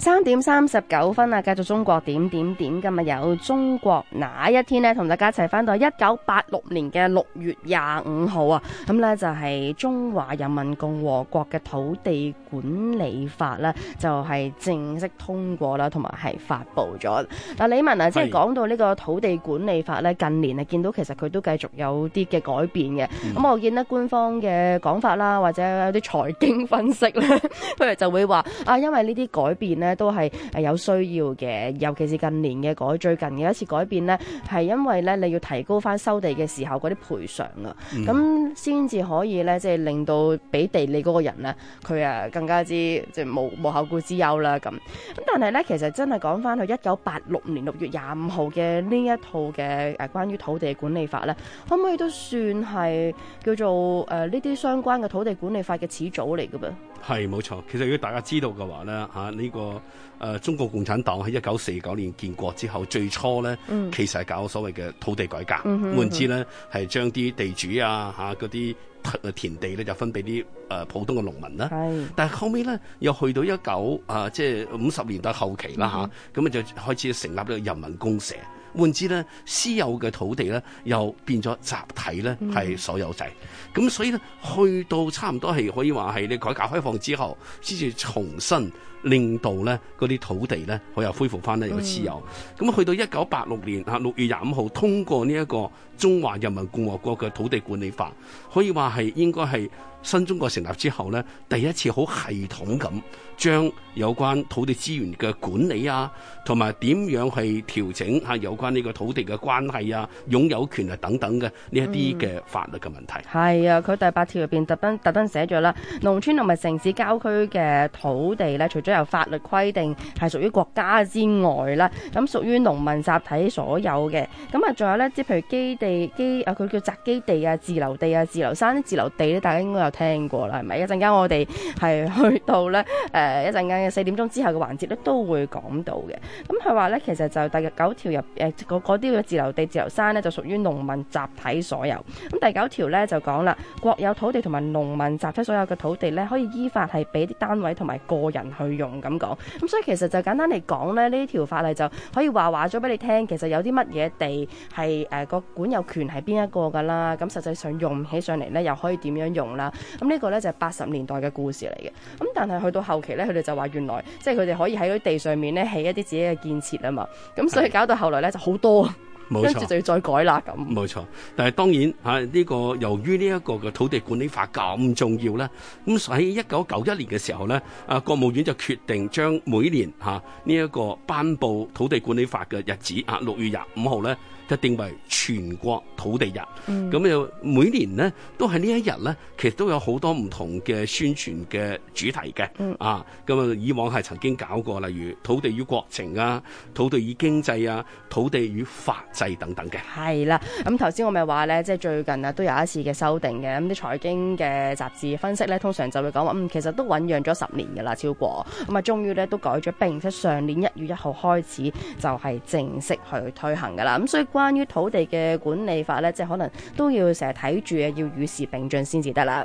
三點三十九分啊！繼續中國點點點，今日有中國那一天呢，同大家一齊翻到一九八六年嘅六月廿五號啊！咁、嗯、呢就係、是、中華人民共和國嘅土地管理法呢就係、是、正式通過啦，同埋係發布咗。嗱，李文啊，即係講到呢個土地管理法呢，近年啊見到其實佢都繼續有啲嘅改變嘅。咁、嗯嗯、我見得官方嘅講法啦，或者有啲財經分析呢，譬 如就會話啊，因為呢啲改變呢。」都係誒有需要嘅，尤其是近年嘅改，最近嘅一次改變呢，係因為咧你要提高翻收地嘅時候嗰啲賠償啊，咁先至可以呢，即係令到俾地你嗰個人呢，佢啊更加之即係無無後顧之憂啦咁。咁但係呢，其實真係講翻去一九八六年六月廿五號嘅呢一套嘅誒關於土地管理法呢，可唔可以都算係叫做誒呢啲相關嘅土地管理法嘅始祖嚟噶噃？係冇錯，其實如果大家知道嘅話咧，嚇呢個。誒、呃，中國共產黨喺一九四九年建國之後，最初咧、嗯、其實係搞所謂嘅土地改革，換言、嗯、之咧係將啲地主啊吓嗰啲田地咧就分俾啲誒普通嘅農民啦、啊。係，但係後尾咧又去到一九啊，即係五十年代後期啦吓，咁、嗯、啊就開始成立咧人民公社。換之咧，私有嘅土地咧，又變咗集體咧，係所有制。咁、嗯、所以咧，去到差唔多係可以話係你改革開放之後，先至重新令到咧嗰啲土地咧，佢又恢復翻咧有私有。咁、嗯、去到一九八六年啊，六月廿五號通過呢、這、一個。中華人民共和國嘅土地管理法可以話係應該係新中國成立之後咧，第一次好系統咁將有關土地資源嘅管理啊，同埋點樣去調整吓、啊、有關呢個土地嘅關係啊、擁有權啊等等嘅呢一啲嘅法律嘅問題係、嗯、啊,佢第八條入邊特登特登寫咗啦，農村同埋城市郊區嘅土地咧，除咗有法律規定係屬於國家之外啦，咁屬於農民集體所有嘅。咁啊，仲有咧即譬如基地。地啊，佢叫宅基地啊、自留地啊、自留山、自留地咧，大家應該有聽過啦，係咪？一陣間我哋係去到咧、呃、一陣間嘅四點鐘之後嘅環節咧，都會講到嘅。咁佢話咧，其實就第九條入誒，啲、呃、嘅自留地、自留山咧，就屬於農民集體所有。咁、嗯、第九條咧就講啦，國有土地同埋農民集體所有嘅土地咧，可以依法係俾啲單位同埋個人去用咁講，咁、嗯、所以其實就簡單嚟講咧，呢條法例就可以話話咗俾你聽，其實有啲乜嘢地係個個管權係邊一個噶啦？咁實際上用起上嚟咧，又可以點樣用啦？咁呢個咧就係八十年代嘅故事嚟嘅。咁但係去到後期咧，佢哋就話原來即係佢哋可以喺佢地上面咧起一啲自己嘅建設啊嘛。咁所以搞到後來咧就好多，冇錯，跟住就要再改啦。咁，冇錯。但係當然，吓、啊、呢、呢個由於呢一個嘅土地管理法咁重要咧，咁所以喺一九九一年嘅時候咧，啊國務院就決定將每年吓呢一個頒布土地管理法嘅日子啊六月廿五號咧。啊就定為全國土地日，咁、嗯、又每年咧都係呢一日咧，其實都有好多唔同嘅宣傳嘅主題嘅、嗯，啊，咁啊以往係曾經搞過，例如土地與國情啊、土地與經濟啊、土地與法制等等嘅。係啦，咁頭先我咪話呢，即係最近啊都有一次嘅修訂嘅，咁啲財經嘅雜誌分析呢，通常就會講話，嗯，其實都醖釀咗十年㗎喇，超過，咁啊終於咧都改咗，並且上年一月一號開始就係正式去推行㗎喇，咁所以。關於土地嘅管理法咧，即係可能都要成日睇住啊，要與時並進先至得啦。